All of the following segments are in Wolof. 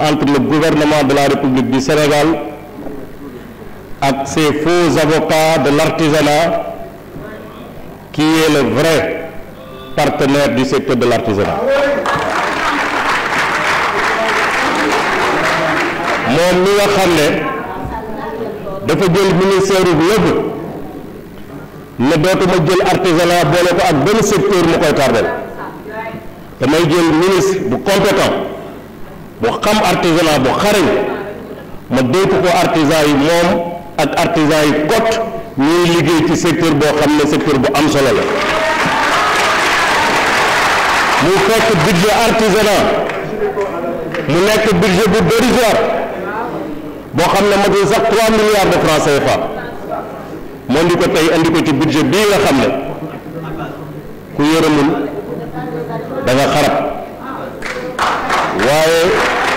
entre le gouvernement de la République du Sénégal et ses faux avocats de l'artisanat qui est le vrai partenaire du secteur de l'artisanat. Mon mi nga le ministre, Ministre jël ministère bi lépp ne l'artisanat, jël artisanat boole ko ak benn secteur koy tardel jël ministre compétent وخم ارتيزان بو خاري ما ديت كو ارتيزان موم اك ارتيزان كوت ني ليغي سي سيكتور بو خامل سيكتور بو ام سولو مو فك بيدجي ارتيزان مو نيك بيدجي بو بيريزوار بو خامل ما دي سك 3 مليار دو فرانس اي فا مون ديكو تاي انديكو تي بيدجي بي لا خامل كو يورمول da nga xarab waaye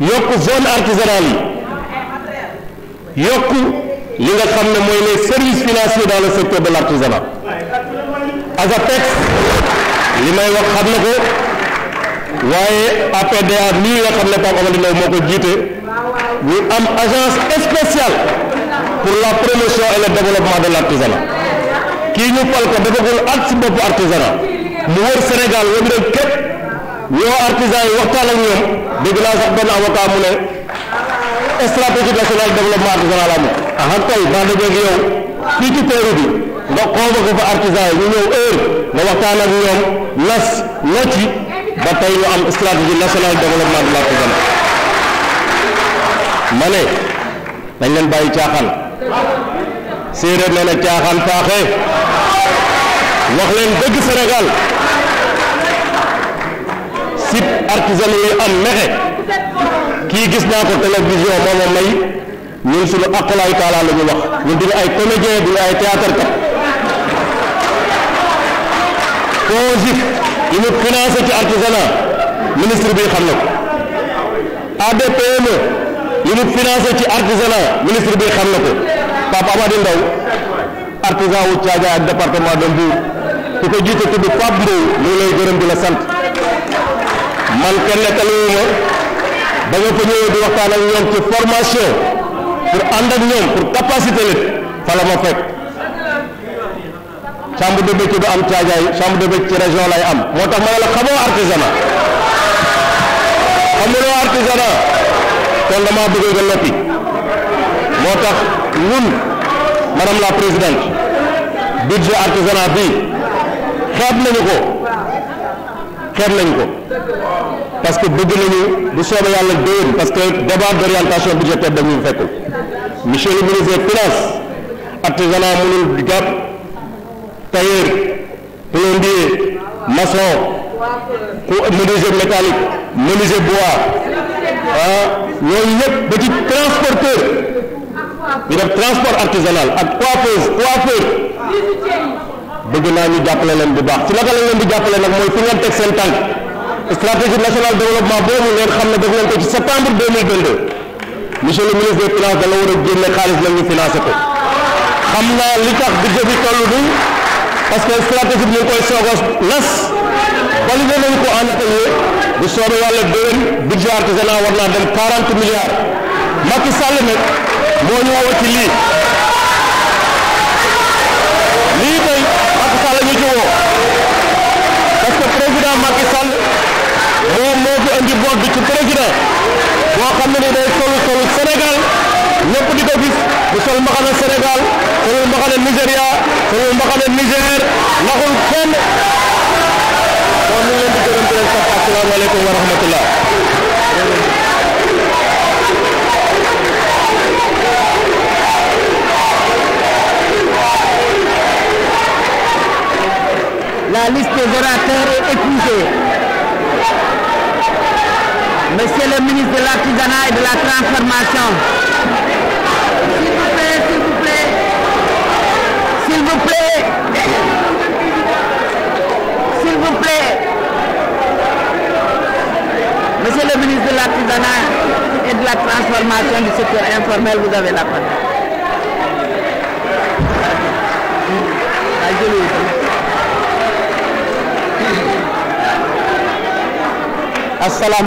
yokk zone artisanale yi yokk li nga xam ne mooy les services financiers dans le secteur de l' artisanat ASAPEX li may wax xam na ko waaye APDA nii nga xam ne Pape Amady Ndao moo ko jiite ñu am agence spéciale pour la promotion et le développement de l' artisanat kii ñu fal ko defagul at si boppu artisanat mu wër Sénégal wër leen képp ñoo artisan yi waxtaan ak ñoom. dégg naa sax benn avocat mu ne stratégie nationale développement artisanal amul. ah ak tey maa ngi teeru bi nga convoqué fa artisan yi ñu ñëw heure nga waxtaan ak ñoom nas noo ba tey ñu am stratégie nationale développement de l'artisanat ma ne dañ leen bàyyi caaxaan séeréer nee na caaxaan faaxee wax leen dëgg Sénégal. tip artisanaux yi am mexe kii gis naa ko télévision moomam may ñun suñu akalaay taala la ñu wax ñun duñu ay comédien duñu ay théâtre kat projet yi ñu financé ci artisanat ministre bi xam na ko ADPME yi ñu financé ci artisanat ministre bi xam na ko Papa Amady Ndaw artisan wu Thiadiaye ak département de Mbour ku ko jiite tudd Pape Mbow mu ngi lay gërëm di la sant man kenn nettaliwuma ba nga fa ñëwee di waxtaan ak ñoom ci formation pour ànd ak ñoom pour capacité nit fa la ma fekk chambre de métier du am caajaay chambre de métier ci région lay am moo tax ma ne la xamoo artisanat xamuloo artisanat kon damaa bëgg nga noppi moo tax ñun madame la présidente budget artisanat bi xeeb nañu ko xeet nañ ko parce que bëgg nañu bu soobee yàlla déwén parce que débat d'orientation budgétaire dañuy fekkul monsieur le ministre place artisanat mënul gàpp tailleur plombier maçon ku menuisier métallique menuisier bois ah yooyu yëpp ba ci transporteur ñu def transport artisanal ak coiffeuse coiffeur bëgg naa ñu jàppale leen bu baax ci naka lañ di jàppale nag mooy fi ngeen teg seen tànk stratégie nationale développement boobu ngeen xam ne def nañ ko ci septembre 2022 monsieur le ministre des finances da la war a génne la ñu financé ko xam naa li tax budget bi toll bi parce que stratégie bi ñu ngi koy soog a nas validé nañ ko en atelier bu soobee wàlla déwén budget artisanat war naa dem 40 milliards Macky Sall nag moo ñu woo ci lii indi bool bi ci président boo xam ne ni day solu solu Sénégal ñëpp di ko gis bu sol mbaxana Sénégal solul mbaxana Nigéria solul mbaxana Niger naxul kenn kon ñu leen di gërëm di leen sant asalaamaaleykum wa rahmatullah La liste des orateurs Monsieur le ministre de l'Artisanat et de la Transformation, s'il vous plaît, s'il vous plaît, s'il vous plaît, s'il vous plaît, Monsieur le ministre de l'Artisanat et de la Transformation du secteur informel, vous avez la parole. Assalam.